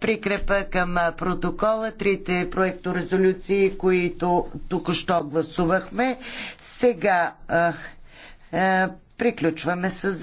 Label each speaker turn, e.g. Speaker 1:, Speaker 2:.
Speaker 1: прикрепа към протокола трите проекторезолюции, които току-що гласувахме. Сега а, а,
Speaker 2: приключваме с